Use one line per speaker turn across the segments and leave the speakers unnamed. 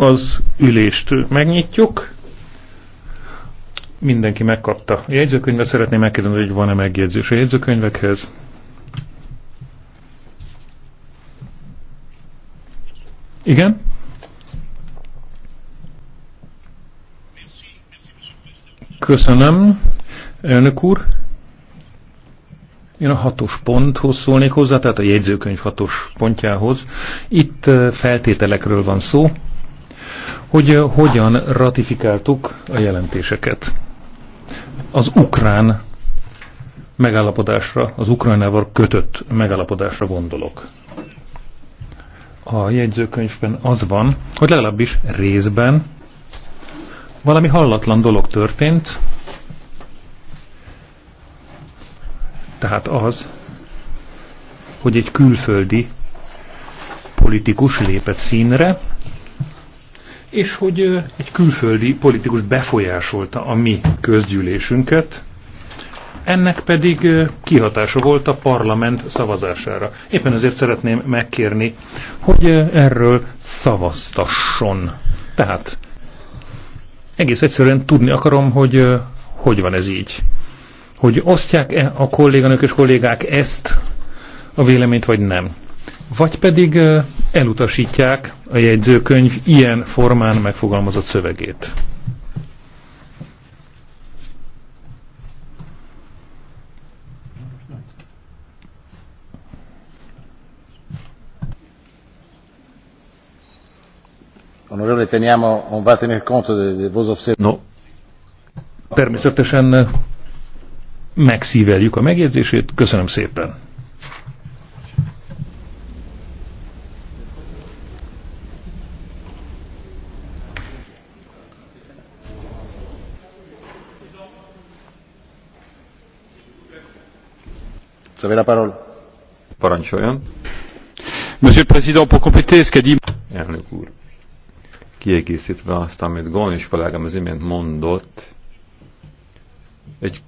Az ülést megnyitjuk. Mindenki megkapta. A jegyzőkönyvbe szeretném megkérdezni, hogy van-e megjegyzés a jegyzőkönyvekhez. Igen? Köszönöm, elnök úr. Én a hatos ponthoz szólnék hozzá, tehát a jegyzőkönyv hatos pontjához. Itt feltételekről van szó, hogy hogyan ratifikáltuk a jelentéseket. Az ukrán megállapodásra, az Ukrajnával kötött megállapodásra gondolok. A jegyzőkönyvben az van, hogy legalábbis részben valami hallatlan dolog történt, Tehát az, hogy egy külföldi politikus lépett színre, és hogy egy külföldi politikus befolyásolta a mi közgyűlésünket, ennek pedig kihatása volt a parlament szavazására. Éppen ezért szeretném megkérni, hogy erről szavaztasson. Tehát egész egyszerűen tudni akarom, hogy hogy van ez így hogy osztják-e a kolléganők és kollégák ezt a véleményt, vagy nem. Vagy pedig elutasítják a jegyzőkönyv ilyen formán megfogalmazott szövegét.
Onorevole, teniamo, on va
tenere conto de, de vos Természetesen megszíveljük a megjegyzését. Köszönöm szépen!
Parancsoljon. Monsieur le Président, pour compléter ce qu'a dit... Elnök úr, kiegészítve azt, amit Gon és kollégám az imént mondott, egy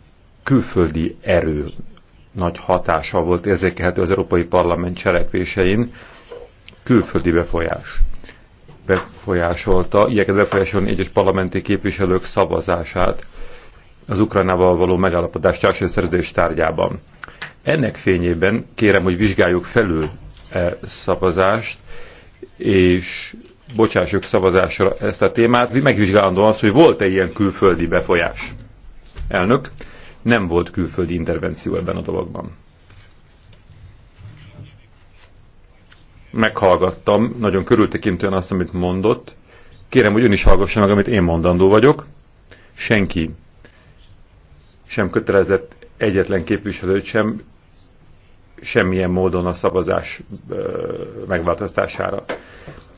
külföldi erő nagy hatása volt érzékelhető az Európai Parlament cselekvésein, külföldi befolyás befolyásolta, ilyeket befolyásolni egyes parlamenti képviselők szavazását az Ukrajnával való megállapodás társadalmi szerződés tárgyában. Ennek fényében kérem, hogy vizsgáljuk felül e szavazást, és bocsássuk szavazásra ezt a témát, megvizsgálandó az, hogy volt-e ilyen külföldi befolyás. Elnök, nem volt külföldi intervenció ebben a dologban. Meghallgattam nagyon körültekintően azt, amit mondott. Kérem, hogy ön is hallgassa meg, amit én mondandó vagyok. Senki sem kötelezett egyetlen képviselőt sem semmilyen módon a szavazás megváltoztására.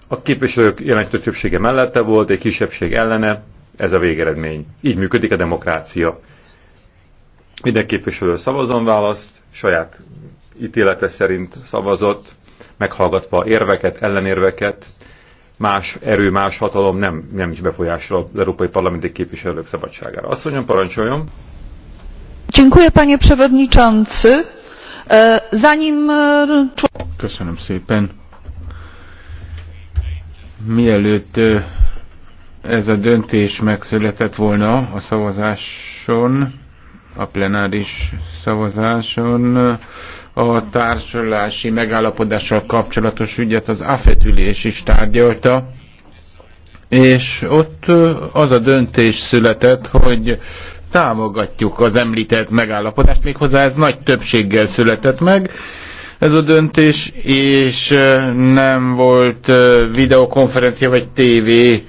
A képviselők jelentős többsége mellette volt, egy kisebbség ellene, ez a végeredmény. Így működik a demokrácia. Minden képviselő szavazon választ, saját ítélete szerint szavazott, meghallgatva érveket, ellenérveket, más erő, más hatalom nem, nem is befolyásol az európai parlamenti képviselők szabadságára. mondjam, parancsoljon!
Dziękuję, panie przewodniczący. E, zanim... E, Köszönöm szépen. Mielőtt e, ez a döntés megszületett volna a szavazáson, a plenáris szavazáson a társulási megállapodással kapcsolatos ügyet az afetülés is tárgyalta, és ott az a döntés született, hogy támogatjuk az említett megállapodást, méghozzá ez nagy többséggel született meg, ez a döntés, és nem volt videokonferencia vagy TV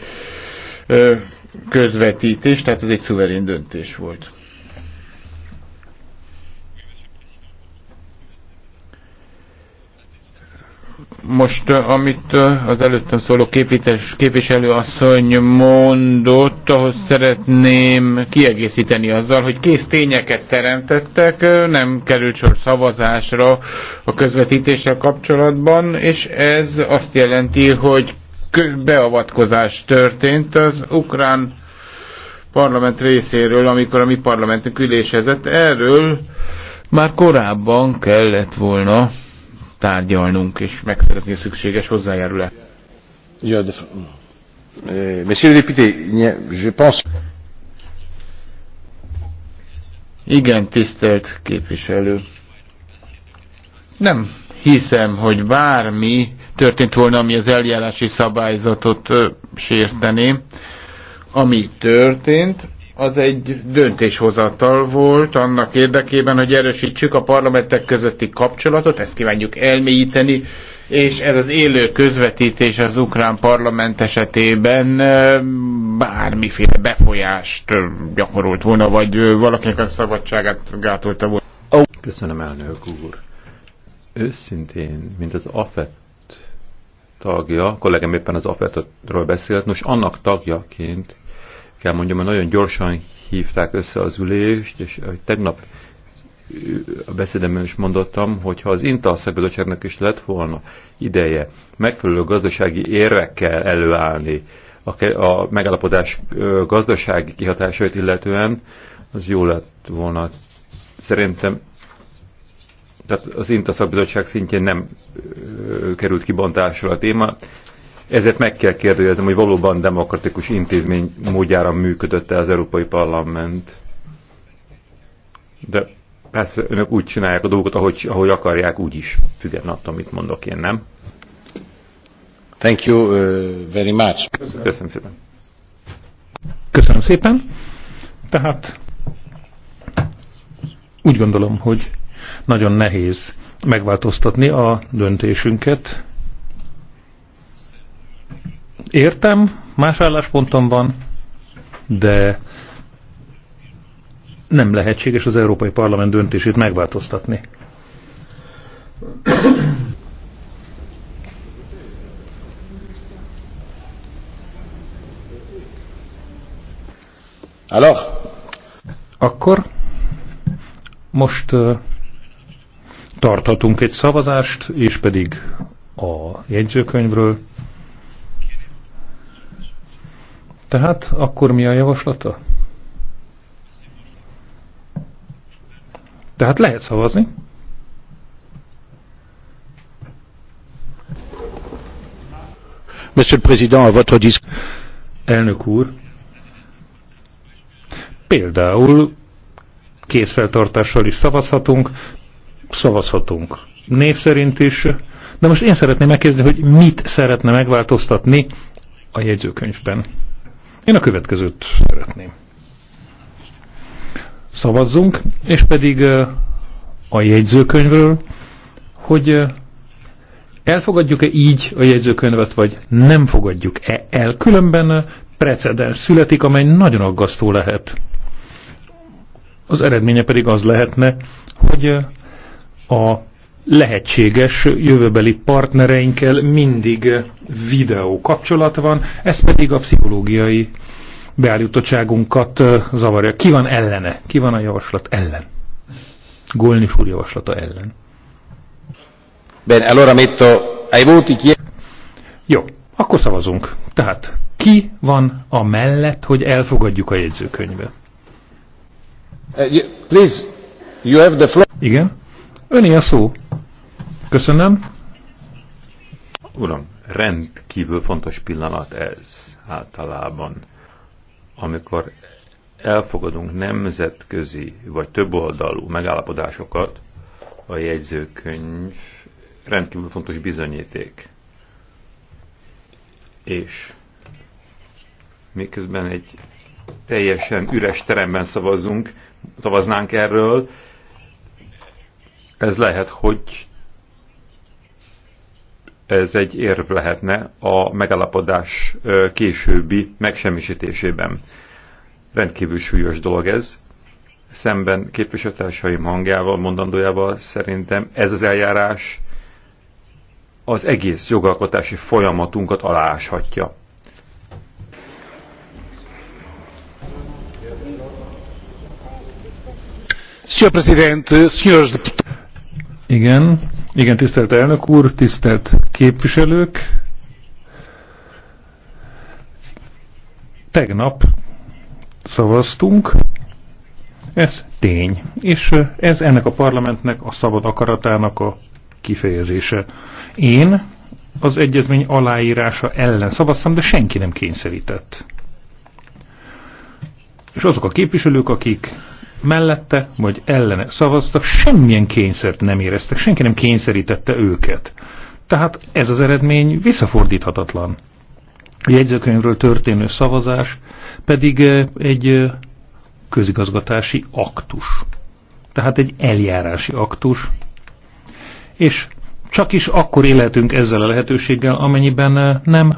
közvetítés, tehát ez egy szuverén döntés volt. Most, amit az előttem szóló képvites, képviselő asszony mondott, ahhoz szeretném kiegészíteni azzal, hogy kész tényeket teremtettek, nem került sor szavazásra a közvetítéssel kapcsolatban, és ez azt jelenti, hogy beavatkozás történt az ukrán parlament részéről, amikor a mi parlamentünk ülésezett. Erről már korábban kellett volna tárgyalnunk, és megszerezni a szükséges hozzájárulást. Eh, Monsieur le député, je pense... Igen, tisztelt képviselő. Nem hiszem, hogy bármi történt volna, ami az eljárási szabályzatot sértené. Ami történt, az egy döntéshozatal volt annak érdekében, hogy erősítsük a parlamentek közötti kapcsolatot, ezt kívánjuk elmélyíteni, és ez az élő közvetítés az ukrán parlament esetében bármiféle befolyást gyakorolt volna, vagy valakinek a szabadságát
gátolta volna. Köszönöm, elnök úr. Őszintén, mint az AFET tagja, kollégám éppen az afet beszélt, nos annak tagjaként kell mondjam, hogy nagyon gyorsan hívták össze az ülést, és tegnap a beszédemben is mondottam, hogy ha az Intal szakbizottságnak is lett volna ideje megfelelő gazdasági érvekkel előállni a, a megállapodás gazdasági kihatásait illetően, az jó lett volna. Szerintem tehát az INTA szakbizottság szintjén nem került kibontásra a téma, ezért meg kell kérdőjelezem, hogy valóban demokratikus intézmény módjára működött-e az Európai Parlament. De persze önök úgy csinálják a dolgokat, ahogy, ahogy akarják, úgy is, független attól, amit mondok én, nem? Thank you uh, very much. Köszönöm. Köszönöm szépen.
Köszönöm szépen. Tehát úgy gondolom, hogy nagyon nehéz megváltoztatni a döntésünket, értem, más álláspontom van, de nem lehetséges az Európai Parlament döntését megváltoztatni. Hello. Akkor most uh, tarthatunk egy szavazást, és pedig a jegyzőkönyvről. Tehát akkor mi a javaslata? Tehát lehet szavazni. Monsieur le Président, à votre disc... Elnök úr, például készfeltartással is szavazhatunk, szavazhatunk név szerint is, de most én szeretném megkérdezni, hogy mit szeretne megváltoztatni a jegyzőkönyvben. Én a következőt szeretném. Szavazzunk, és pedig a jegyzőkönyvről, hogy elfogadjuk-e így a jegyzőkönyvet, vagy nem fogadjuk-e el. Különben precedens születik, amely nagyon aggasztó lehet. Az eredménye pedig az lehetne, hogy a lehetséges jövőbeli partnereinkkel mindig videó kapcsolat van, ez pedig a pszichológiai beállítottságunkat zavarja. Ki van ellene? Ki van a javaslat ellen? Golnis úr javaslata ellen. Ben, allora metto ai voti chi... Jó, akkor szavazunk. Tehát ki van a mellett, hogy elfogadjuk a jegyzőkönyvet? Uh, please, you have the floor. Igen. Öné a szó. Köszönöm.
Uram, rendkívül fontos pillanat ez általában, amikor elfogadunk nemzetközi vagy többoldalú megállapodásokat, a jegyzőkönyv rendkívül fontos bizonyíték. És miközben egy teljesen üres teremben szavazunk, szavaznánk erről, ez lehet, hogy ez egy érv lehetne a megalapodás későbbi megsemmisítésében. Rendkívül súlyos dolog ez. Szemben képviselőtársaim hangjával, mondandójával szerintem ez az eljárás az egész jogalkotási folyamatunkat aláshatja.
Igen, igen, tisztelt elnök úr, tisztelt képviselők. Tegnap szavaztunk, ez tény, és ez ennek a parlamentnek a szabad akaratának a kifejezése. Én az egyezmény aláírása ellen szavaztam, de senki nem kényszerített. És azok a képviselők, akik mellette vagy ellene szavaztak, semmilyen kényszert nem éreztek, senki nem kényszerítette őket. Tehát ez az eredmény visszafordíthatatlan. A jegyzőkönyvről történő szavazás pedig eh, egy eh, közigazgatási aktus. Tehát egy eljárási aktus. És csak is akkor élhetünk ezzel a lehetőséggel, amennyiben eh, nem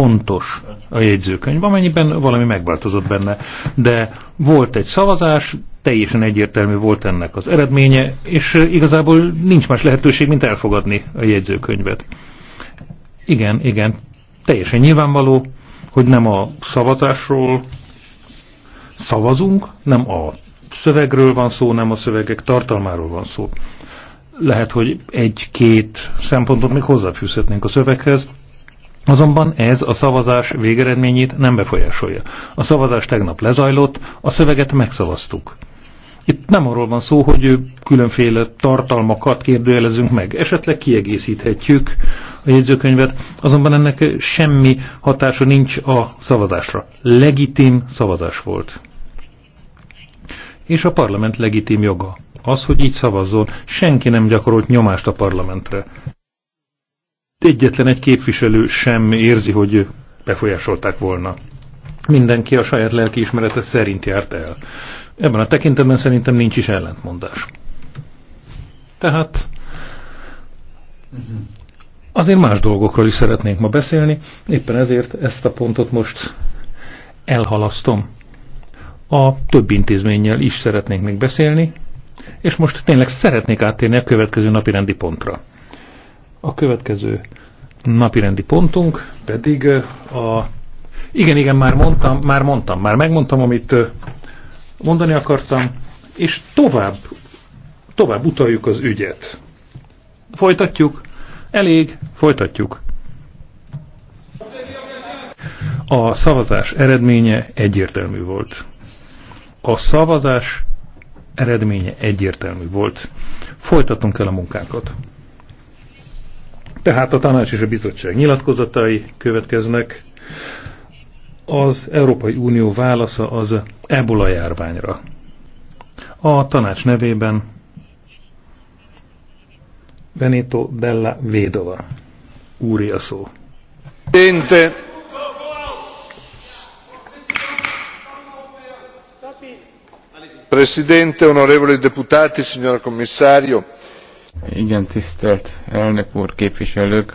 pontos a jegyzőkönyv, amennyiben valami megváltozott benne. De volt egy szavazás, teljesen egyértelmű volt ennek az eredménye, és igazából nincs más lehetőség, mint elfogadni a jegyzőkönyvet. Igen, igen, teljesen nyilvánvaló, hogy nem a szavazásról szavazunk, nem a szövegről van szó, nem a szövegek tartalmáról van szó. Lehet, hogy egy-két szempontot még hozzáfűzhetnénk a szöveghez, Azonban ez a szavazás végeredményét nem befolyásolja. A szavazás tegnap lezajlott, a szöveget megszavaztuk. Itt nem arról van szó, hogy különféle tartalmakat kérdőjelezünk meg. Esetleg kiegészíthetjük a jegyzőkönyvet, azonban ennek semmi hatása nincs a szavazásra. Legitim szavazás volt. És a parlament legitim joga. Az, hogy így szavazzon, senki nem gyakorolt nyomást a parlamentre egyetlen egy képviselő sem érzi, hogy befolyásolták volna. Mindenki a saját lelkiismerete szerint járt el. Ebben a tekintetben szerintem nincs is ellentmondás. Tehát azért más dolgokról is szeretnénk ma beszélni, éppen ezért ezt a pontot most elhalasztom. A több intézménnyel is szeretnénk még beszélni, és most tényleg szeretnék áttérni a következő napi rendi pontra. A következő napirendi pontunk pedig a... Igen, igen, már mondtam, már mondtam, már megmondtam, amit mondani akartam, és tovább, tovább utaljuk az ügyet. Folytatjuk. Elég, folytatjuk. A szavazás eredménye egyértelmű volt. A szavazás eredménye egyértelmű volt. Folytatunk el a munkánkat. Tehát a tanács és a bizottság nyilatkozatai következnek. Az Európai Unió válasza az ebola járványra. A tanács nevében Benito Della Védova. Úri a szó. Dente.
Presidente, onorevoli deputati, signora commissario. Igen, tisztelt elnök úr, képviselők!